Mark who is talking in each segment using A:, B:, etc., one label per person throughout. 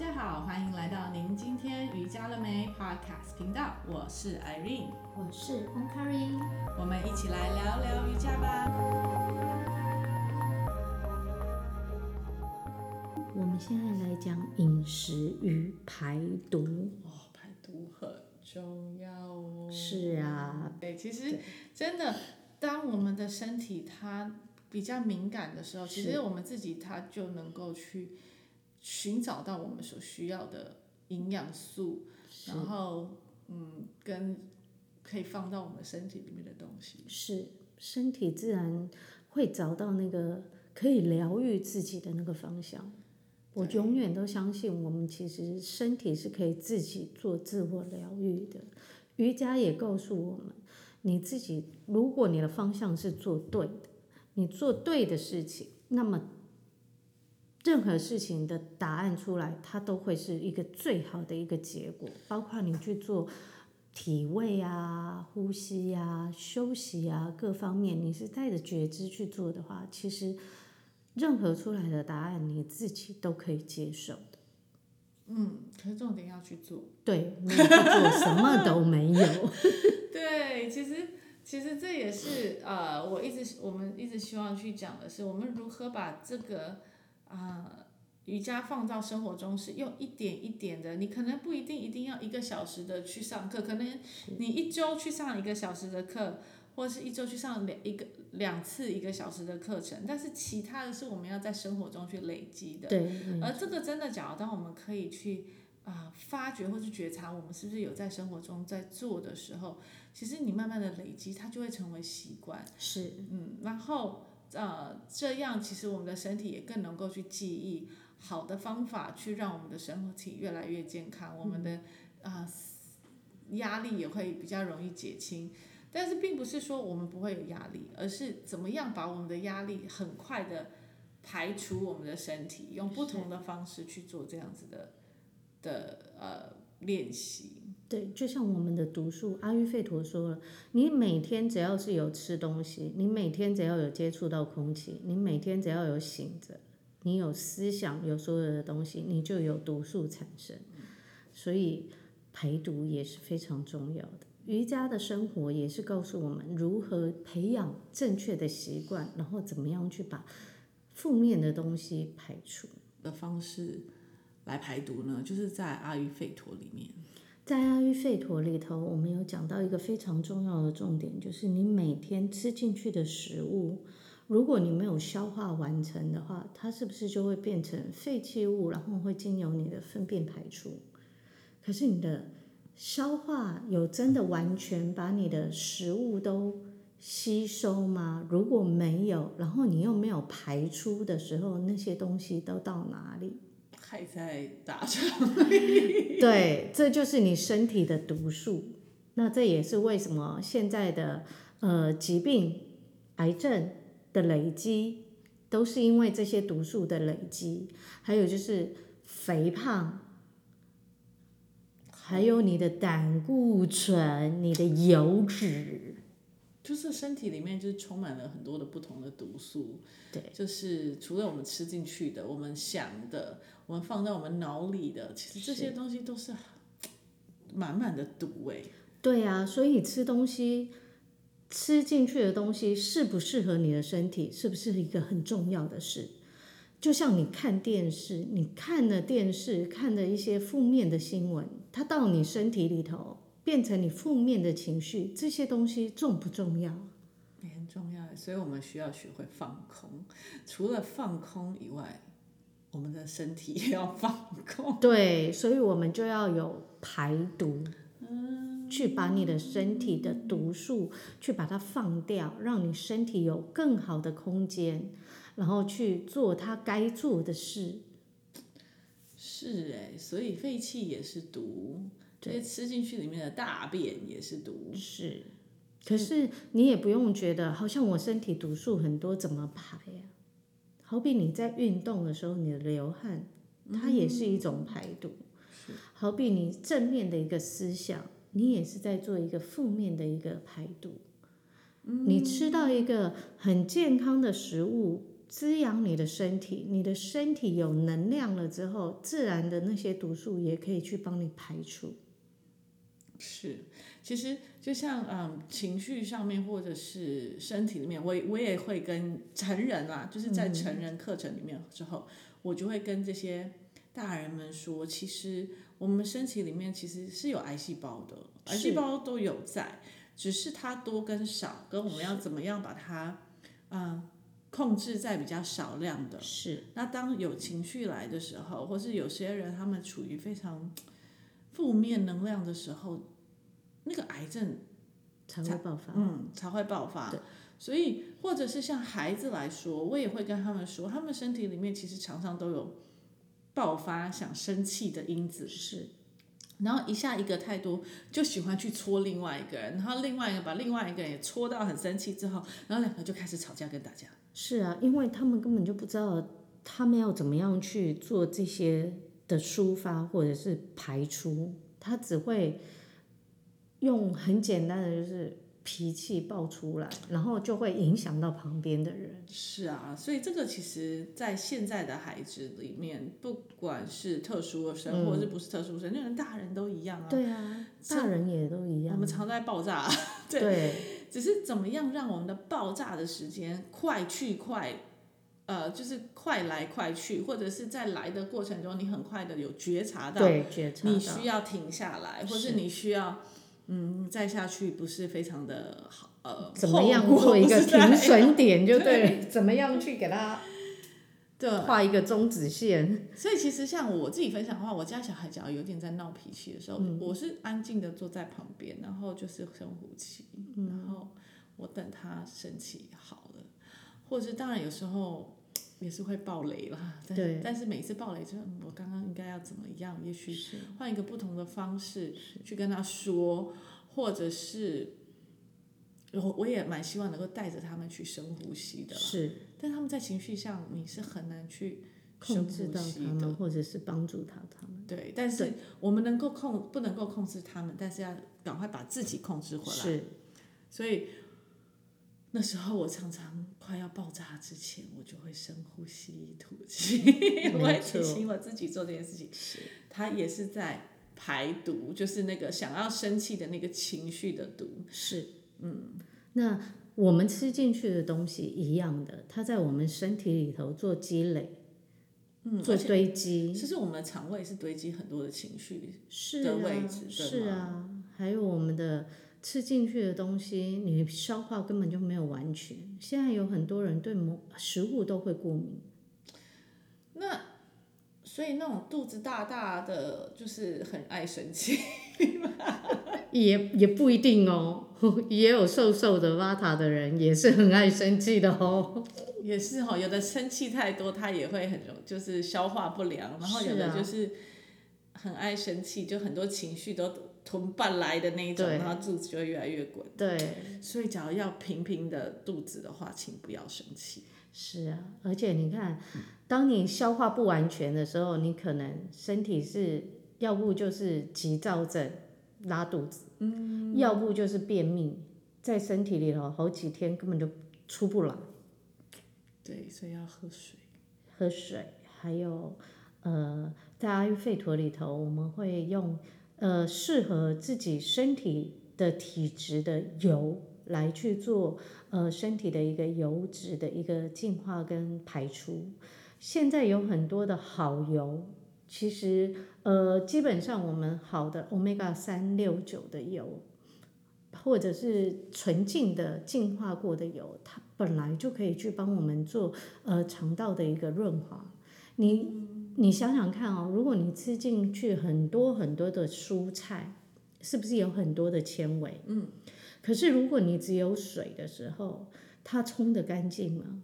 A: 大家好，歡迎來到您今天瑜伽了沒 Podcast 頻道，我是 Irene，我是 OmKari。我們一起來聊聊瑜伽吧。
B: 我們現在來講飲食與排毒。哦，排毒很重要哦。是啊。
A: 對，其實對真的，當我們的身體它比較敏感的時候，是其實我們自己它就能夠去。尋找到我們所需要的營養素，是然後嗯，跟可以放到我們身體裡面的東西。
B: 是，身體自然會找到那個可以療癒自己的那個方向。我永遠都相信，我們其實身體是可以自己做自我療癒的。瑜伽也告訴我們，你自己，如果你的方向是做對的，你做對的事情，那麼，任何事情的答案出來，它都會是一個最好的一個結果。包括你去做體位啊、呼吸呀、啊、休息啊各方面，你是帶着覺知去做的話，其實任何出來的答案你自己都可以接受的。嗯，
A: 可是重點要去做，
B: 對，你要做什麼都沒有。
A: 對，其實其實這也是呃，我一直我們一直希望去講的是，我們如何把這個。啊、呃，瑜伽放到生活中是用一點一點的，你可能不一定一定要一個小時的去上課，可能你一周去上一個小時的課，或者是一周去上兩一個兩次一個小時的課程，但是其他的是我們要在生活中去累積的。對，而這個真的，假如當我們可以去啊、呃、發覺或是覺察我們是不是有在生活中在做的時候，其實你慢慢的累積，它就會成為習慣。是，嗯，然後。呃，這樣其實我們的身體也更能夠去記憶好的方法，去讓我們的身體越來越健康，嗯、我們的啊、呃、壓力也會比較容易減輕。但是並不是說我們不會有壓力，而是怎麼樣把我們的壓力很快的排除我們的身體，是用不同的方式去做這樣子的的呃練習。
B: 對，就像我們的毒素，阿育吠陀說了，你每天只要是有吃東西，你每天只要有接觸到空氣，你每天只要有醒着，你有思想，有所有的東西，你就有毒素產生。所以排毒也是非常重要的。瑜伽的生活也是告訴我們如何培養正確的習慣，然後怎麼樣去把負面的東西排除的方式
A: 來排毒呢？就是在阿育吠陀裡面。
B: 在阿育吠陀裡頭，我們有講到一個非常重要的重點，就是你每天吃進去的食物，如果你沒有消化完成的話，它是不是就會變成廢棄物，然後會經由你的糞便排出？可是你的消化有真的完全把你的食物都吸收嗎？如果沒有，然後你又沒有排出的時候，那些東西都到哪裡？
A: 還在打仗， 對，
B: 這就是你身體的毒素。那這也是為什麼現在的呃疾病、癌症的累積，都是因為這些毒素的累積。還有就是肥胖，還有你的膽固醇、嗯、你的油脂，
A: 就是身體裡面就是充滿了很多的不同的毒素。對，就是除了我們吃進去的，我們想的。我們放在我們腦裡的，其實這些東西都是滿滿是的毒哎、欸。
B: 對啊，所以吃東西，吃進去的東西適不適合你的身體，是不是一個很重要的事？就像你看電視，你看了電視，看了一些負面的新聞，它到你身體裡頭變成你負面的情緒，這些東西重不重要、
A: 欸？很重要，所以我們需要學會放空。除了放空以外，我們的身體也
B: 要放空，對，所以我們就要有排毒，嗯，去把你的身體的毒素，嗯，去把它放掉，讓你身體有更好的空間，然後去做它該做的事。
A: 是哎，所以廢氣也是毒，對，所以吃進去裡面的大便也是毒。是，
B: 可是你也不用覺得，嗯，好像我身體毒素很多，怎麼排呀？好比你在運動的時候，你的流汗，它也是一種排毒。嗯，是。好比你正面的一個思想，你也是在做一個負面的一個排毒。嗯，你吃到一個很健康的食物，滋養你的身體，你的身體有能量了之後，自然的那些毒素也可以去幫你排除。是。
A: 其實就像嗯，情緒上面或者是身體裡面，我也我也會跟成人啦，啊，就是在成人課程裡面之後，嗯、哼我就會跟這些大人們說，其實我們身體裡面其實是有癌細胞的，是癌細胞都有在，只是它多跟少，跟我們要怎麼樣把它是嗯控制在比較少量的。是。那當有情緒來的時候，或是有些人他們處於非常負面能量的時候，那個癌症才
B: 會爆發，
A: 嗯，才會爆發。對所以，或者是像孩子來說，我也會跟他們說，他們身體裡面其實常常都有爆發想生氣的因子，是，然後一下一個太多，就喜歡去戳另外一個人，然後另外一個把另外一個人也戳到很生氣之後，然後兩個就開始吵架跟打架。
B: 是啊，因為他們根本就不知道他們要怎麼樣去做這些的抒發或者是排出，他只會。用很簡單的，就是脾氣爆出來，然後就會影響到旁邊的人。是
A: 啊，所以這個其實，在現在的孩子裡面，不管是特殊的生，或是不是特殊生，嗯、就連大人都一樣啊。對
B: 啊，是大人也都一
A: 樣。我們常在爆炸。嗯、 對。對，只是怎麼樣讓我們的爆炸的時間快去快，呃，就是快來快去，或者是在來的過程中，你很快的有覺察到，你需要停下來，或是你需要。嗯，再下去不是非常的好，呃，怎麼樣做一個停損
B: 點就對，對怎麼樣去給他，對，對畫一個終止線。所以其實
A: 像我自己分享的話，我家小孩只要有點在鬧脾氣的時候，嗯、我是安靜的坐在旁邊，然後就是深呼吸，嗯、然後我等他生氣好了，或者是當然有時候。也是會爆雷啦，但是對但是每次爆雷之後，我剛剛應該要怎麼樣？也許是換一個不同的方式去跟他說，是或者是我我也蠻希望能夠帶着他們去深呼
B: 吸的。是，
A: 但他們在情緒上你是很難去
B: 控制到他們，或者是幫助到他們。
A: 對，但是我們能夠控，不能夠控制他們，但是要趕快把自己控制回來。是，所以。那時候我常常快要爆炸之前，我就會深呼吸、吐氣，我也曾經我自己做這件事情，是，它也是在排毒，就是那個想要生氣的那個情緒的毒，是，嗯，
B: 那我們吃進去的東西一樣的，它在我們身體裡頭做積累，嗯，做且堆積，其
A: 實我們的腸胃是堆積很多的情緒，是，對，是啊，
B: 還有我們的。吃進去的東西，你消化根本就沒有完全。現在有很多人對某食物都會過敏，那所以那
A: 種肚子大大的，就是很愛生氣，
B: 也也不一定哦，也有瘦瘦的、Vata 的人也是很愛生氣的哦。
A: 也是哦，有的生氣太多，他也會很容就是消化不良，然後有的就是很愛生氣，啊、就很多情緒都。囤半來的那一種，對然後肚子就會越來越滾。對，
B: 所以假如要平平的肚子的話，請不要生氣。是啊，而且你看，當你消化不完全的時候，你可能身體是要不就是急躁症，拉肚子；嗯，要不就是便秘，在身體裡頭好幾天根本就出不來。對，所以要喝水。喝水，還有呃，在阿育吠陀裡頭，我們會用。呃，適合自己身體的體質的油來去做，呃，身體的一個油脂的一個淨化跟排出。現在有很多的好油，其實呃，基本上我們好的 Omega 三六九的油，或者是純淨的淨化過的油，它本來就可以去幫我們做呃腸道的一個潤滑。你。你想想看哦，如果你吃進去很多很多的蔬菜，是不是有很多的纖維？嗯，可是如果你只有水的時候，它沖得乾淨嗎？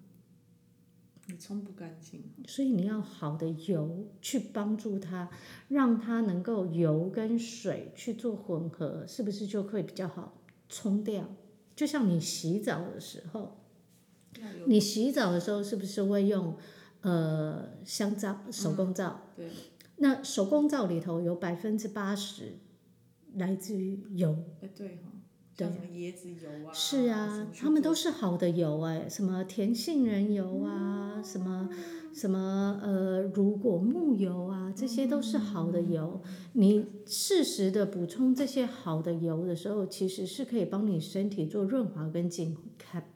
B: 你沖不乾淨。所以你要好的油去幫助它，讓它能夠油跟水去做混合，是不是就會比較好沖掉？就像你洗澡的時候，油你洗澡的時候是不是會用？呃，香皂手工皂，嗯、對，那手工皂裡頭有百分之八十，來自於油。呃、對、哦對，椰
A: 子油啊，是啊，它們
B: 都是好的油哎、欸，什麼甜杏仁油啊，嗯、什麼什麼呃，乳果木油啊，這些都是好的油。你適時的補充這些好的油的時候，其實是可以幫你身體做潤滑跟淨，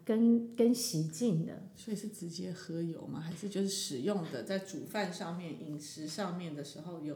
B: 跟跟洗淨的。
A: 所以是直接喝油嗎？還是就是使用的在煮飯上面、飲食上面的時候有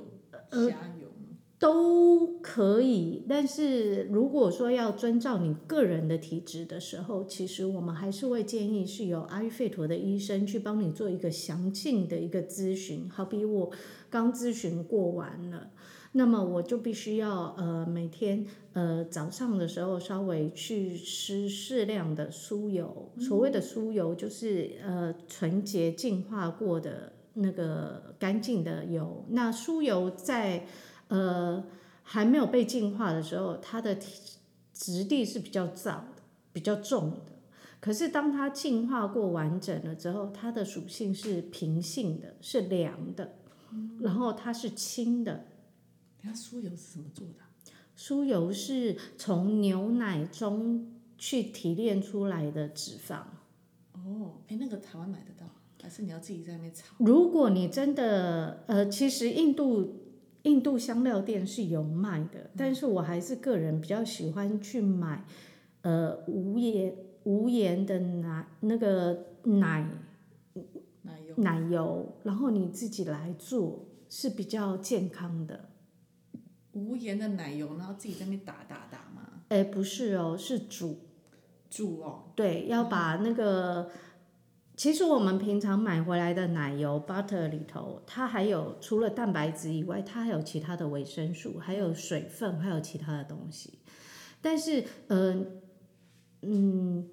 A: 加
B: 油嗎？呃都可以，但是如果說要遵照你個人的體質的時候，其實我們還是會建議是由阿育吠陀的醫生去幫你做一個詳盡的一個諮詢。好比我剛諮詢過完了，那麼我就必須要呃每天呃早上的時候稍微去吃適量的酥油，所謂的酥油就是呃純潔淨化過的那個乾淨的油。那酥油在呃，還沒有被淨化的時候，它的質地是比較燥的、比較重的。可是當它淨化過完整了之後，它的屬性是平性的，是涼的，嗯、然後它是輕的。
A: 那酥油是怎麼做的、啊？
B: 酥油是從牛奶中去提煉出來的脂肪。
A: 哦，哎，那個台灣買得到，還是你要自己在那邊炒？
B: 如果你真的，呃，其實印度。印度香料店是有賣的，嗯、但是我還是個人比較喜歡去買，呃，無鹽無鹽的奶那個奶奶油，奶油，然後你自己來做是比較健康的，
A: 無鹽的奶油，然後自己在那打打打嘛。
B: 哎、欸，不是哦，是煮煮哦，對，要把那個。嗯其實我們平常買回來的奶油 butter 裡頭，它還有除了蛋白質以外，它還有其他的維生素，還有水分，還有其他的東西。但是，呃嗯，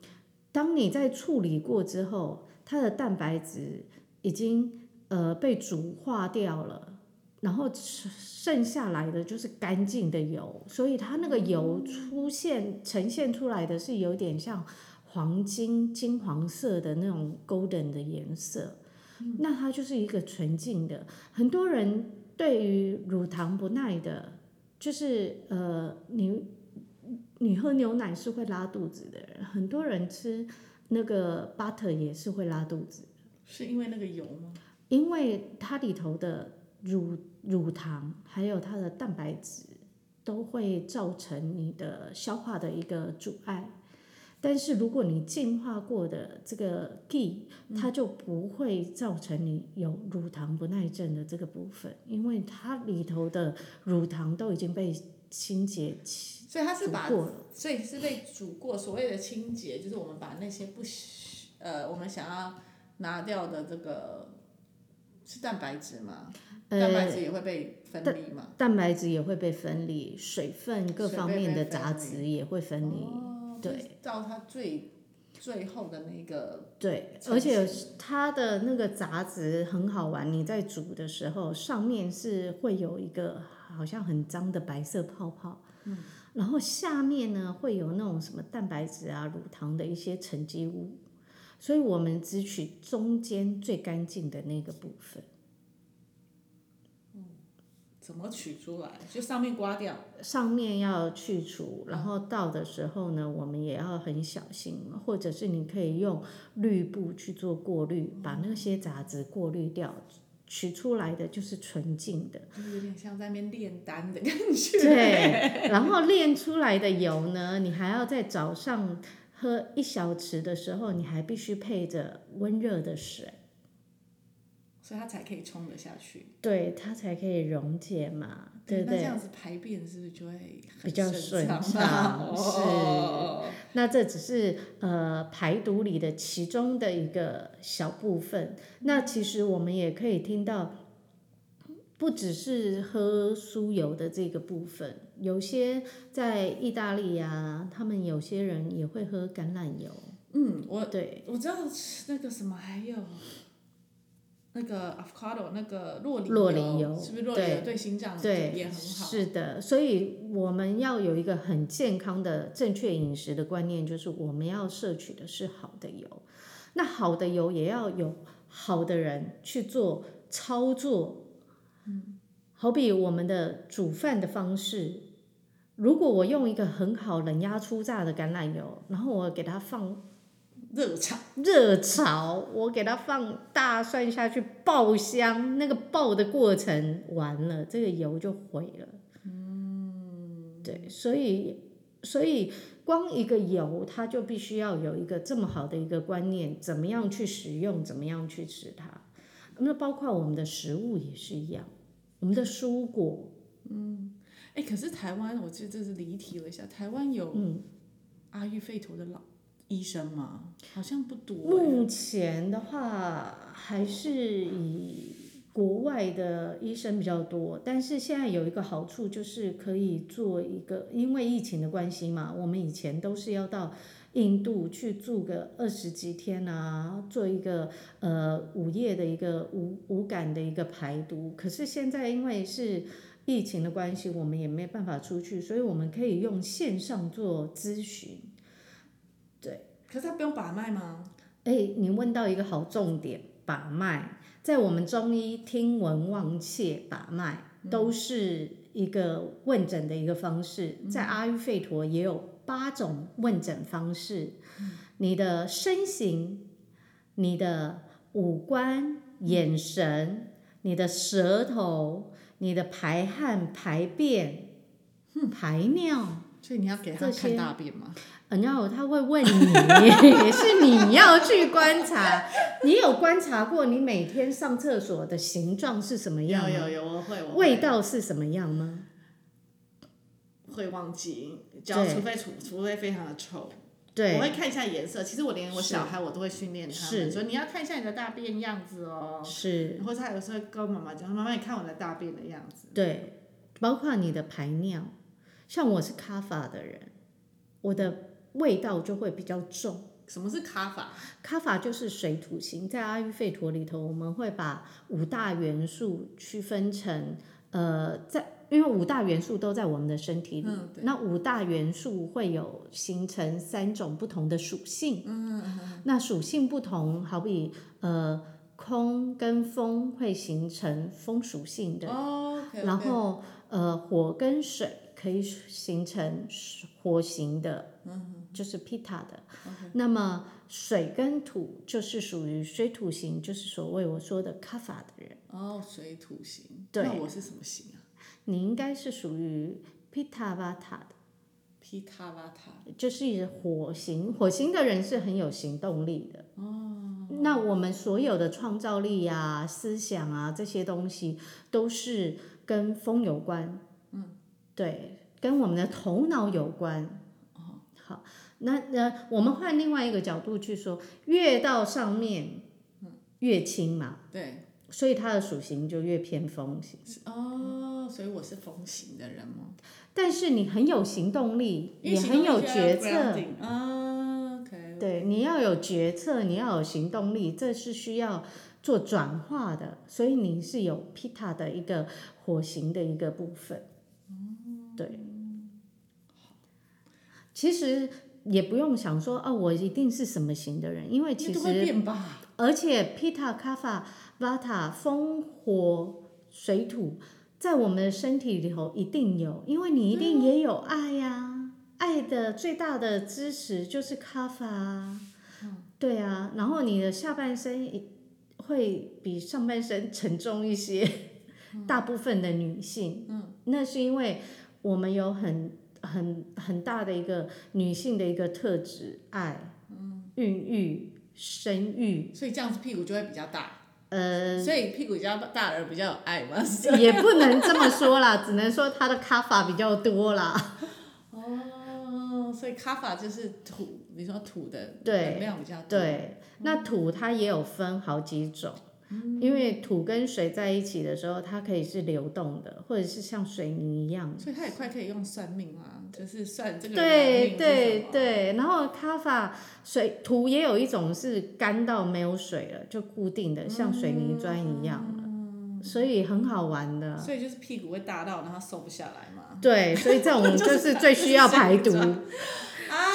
B: 當你在處理過之後，它的蛋白質已經呃被煮化掉了，然後剩下來的就是乾淨的油，所以它那個油出現呈現出來的是有點像。黃金金黃色的那種 golden 的顏色，嗯、那它就是一個純淨的。很多人對於乳糖不耐的，就是呃，牛，你喝牛奶是會拉肚子的人，很多人吃那個 butter 也是會拉肚子，
A: 是因為那個油嗎？
B: 因為它裡頭的乳乳糖還有它的蛋白質都會造成你的消化的一個阻礙。但是如果你淨化過的這個 ghee，它就不會造成你有乳糖不耐症的這個部分，因為它裡頭的乳糖都已經被清潔、所以它是把，
A: 所以是被煮過。所謂的清潔，就是我們把那些不呃我們想要拿掉的這個是蛋白質嘛？蛋白質也會被分離嘛、
B: 欸？蛋白質也會被分離，水分各方面的雜質也會分離。對，到它最對最後的那個，對，而且它的那個雜質很好玩。你在煮的時候，上面是會有一個好像很髒的白色泡泡，嗯，然後下面呢會有那種什麼蛋白質啊、乳糖的一些沉積物，所以我們只取中間最乾淨的那個部分。
A: 怎麼取
B: 出來？就上面刮掉，上面要去除，然後倒的時候呢，嗯、我們也要很小心，或者是你可以用濾布去做過濾，嗯、把那些雜質過濾掉，取出來的就是純淨的。就
A: 是有點像在那邊煉丹的感覺。對，然後
B: 煉出來的油呢， 你還要在早上喝一小匙的時候，你還必須配着溫熱的水。
A: 所以它才可以沖得下去，
B: 對，它才可以溶解嘛，對不對？對這樣
A: 子排便是不是就會、啊，、比較順暢？哦、是。
B: 那這只是呃排毒裡的其中的一個小部分。那其實我們也可以聽到，不只是喝酥油的這個部分，有些在意大利啊，他們有些人也會喝橄欖油。嗯，我對，
A: 我知道那個什麼還有。那個 avocado 那個酪梨油，油是不是酪梨油？對，對心臟也很好對對。是
B: 的，所以我們要有一個很健康的、正確飲食的觀念，就是我們要攝取的是好的油。那好的油也要有好的人去做操作。嗯，好比我們的煮飯的方式，如果我用一個很好冷壓初榨的橄欖油，然後我給它放。熱炒，熱炒！我給它放大蒜下去爆香，那個爆的過程完了，這個油就毀了。嗯，對，所以，所以光一個油，它就必須要有一個這麼好的一個觀念，怎麼樣去使用，怎麼樣去吃它。那包括我們的食物也是一樣，我們的蔬果，
A: 嗯，哎、欸，可是台灣，我這這是離題了一下，台灣有阿育吠陀的老，嗯醫生嗎？好像不多，欸。目
B: 前的話，還是以國外的醫生比較多。但是現在有一個好處，就是可以做一個，因為疫情的關係嘛，我們以前都是要到印度去住個二十幾天啊，做一個呃五業的一個五、五業的一個排毒。可是現在因為是疫情的關係，我們也沒辦法出去，所以我們可以用線上做諮詢。可是他不用把脈嗎？欸，你問到一個好重點。把脈在我們中醫聽聞望切，把脈都是一個問診的一個方式。在阿育吠陀也有八種問診方式。嗯、你的身形、你的五官、眼神、嗯、你的舌頭、你的排汗、排便、嗯、排尿。所以你要給他看大便嗎？你要、oh, no, 他會問你，也 是你要去觀察。 你有觀察過你每天上廁所的形狀是什麼樣嗎？有有有，我會。我會味道是什麼樣嗎？
A: 會忘記，只要除非除對除非非常的臭，
B: 對，我會看一
A: 下顏色。其實我連我小孩我都會訓練他，是。所以你要看一下你的大便樣子哦。是，或者他有時候會跟媽媽講，媽媽你看我的大便的樣子。對，
B: 包括你的排尿。像我是卡法的人，我的味道就會比較重。什麼是卡法？卡法就是水土型。在阿育吠陀裡頭，我們會把五大元素區分成，呃，在因為五大元素都在我們的身體裡，嗯、那五大元素會有形成三種不同的屬性嗯。嗯，那屬性不同，好比呃空跟風會形成風屬性的。哦、okay, okay 然後呃火跟水。可以形成火形的，就是 Pita 的。Okay. 那麼水跟土就是屬於水土型，就是所謂我說的卡 a 的人。哦
A: ，oh, 水土型。對。那我是
B: 什麼型啊？你應該是屬於 Pita 的。
A: 皮塔
B: a Pita v 就是火型，火型的人是很有行動力的。哦。Oh. 那我們所有的創造力啊、oh. 思想啊這些東西，都是跟風有關。對，跟我們的頭腦有關哦。好，那那我們換另外一個角度去說，越到上面，嗯，越輕嘛。嗯、對，所以它的屬性就越偏風型。哦，
A: 所以我是風型的人嗎？
B: 但是你很有行動力，嗯、也很有決策。啊，哦、okay, okay. 對，你要有決策，你要有行動力，這是需要做轉化的。所以你是有 Pita 的一個火型的一個部分。其實也不用想說哦、啊，我一定是什麼型的人，因為其實變吧，而且 Pitta、Kapha、Vata、風火水土在我們的身體裡頭一定有，因為你一定也有愛呀、啊，哦、愛的最大的支持就是 Kapha，嗯、對啊，然後你的下半身也會比上半身沉重一些，嗯、 大部分的女性，嗯，那是因為我們有很很很大的一個女性的一個特質，愛，嗯、孕育、生育，所以這樣子屁股就會比較大。呃、嗯，所以屁股比較大而比較有愛嘛，也不能這麼說啦， 只能說她的卡法比較多啦，哦，
A: 所以卡法就是土，你說土的能量比較多。對，對
B: 嗯、那土它也有分好幾種。因為土跟水在一起的時候，它可以是流動的，或者是像水泥一樣。所
A: 以它也快可以用算命嘛，啊，對就是算這個、啊。對對
B: 對，然後它把水土也有一種是乾到沒有水了，就固定的，像水泥磚一樣了。嗯、所以很好玩的。所
A: 以就是屁股會大到然後瘦不下來嘛。
B: 對，所以這種就是最需要排毒。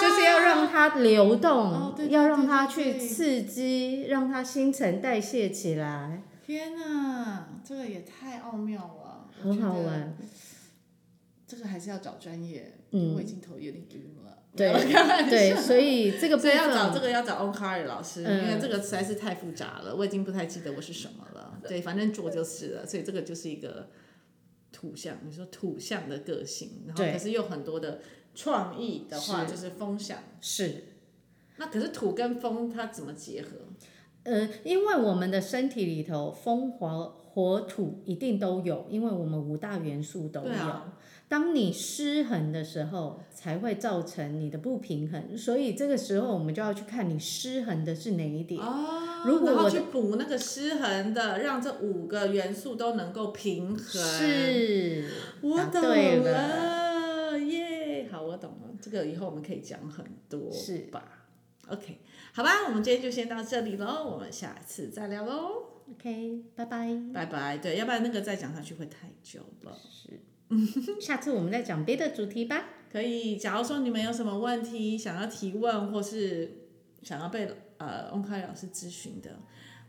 B: 就是要讓它流動，要讓它去刺激，讓它新陳代謝起來。
A: 天哪，這個也太奧妙了，很好玩。我覺得這個還是要找專業，嗯、因為我已經頭有點暈了。對對，所以這個不要找這個要找 OmKari 老師，嗯、因為這個實在是太複雜了，我已經不太記得我是什麼了。對，對，反正做就是了。對所以這個就是一個土象，你說土象的個性，然後可是又有很多的。創意的話是就是風向是，那可是土跟風它怎麼結合？
B: 呃，因為我們的身體裡頭風火火土一定都有，因為我們五大元素都有。啊、當你失衡的時候，才會造成你的不平衡。所以這個時候我們就要去看你失衡的是哪一點。哦，如果我，我要去
A: 補那個失衡的，讓這五個元素都能夠平衡。是，
B: 我懂了。啊，對了。
A: 以後我們可以講很多，是吧？OK，好吧，我們今天就先到這裡嘍，我們下次再聊嘍。
B: OK，拜拜。
A: 拜拜，對，要不然那個再講下去會太久了。是， 下次我們再講別的主題吧。可以，假如說你們有什麼問題想要提問，或是想要被呃 OmKari 老師諮詢的，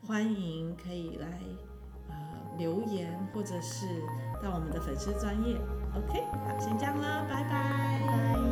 A: 歡迎可以來呃留言，或者是到我們的粉絲專頁。OK，好，先這樣了，拜拜。Bye bye